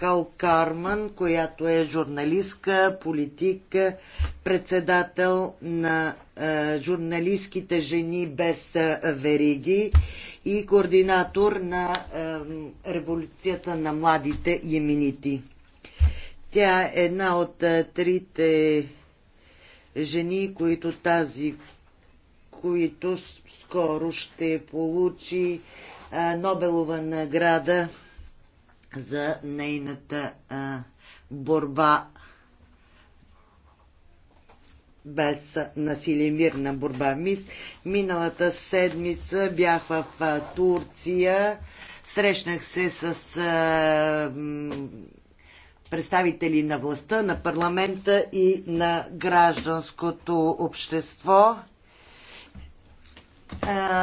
Кал Карман, която е журналистка, политик, председател на е, журналистките жени без е, вериги и координатор на е, революцията на младите еминити. Тя е една от е, трите жени, които тази, които скоро ще получи е, Нобелова награда за нейната а, борба без насилие, мирна борба. Мис, миналата седмица бях в а, Турция, срещнах се с а, м, представители на властта, на парламента и на гражданското общество. А,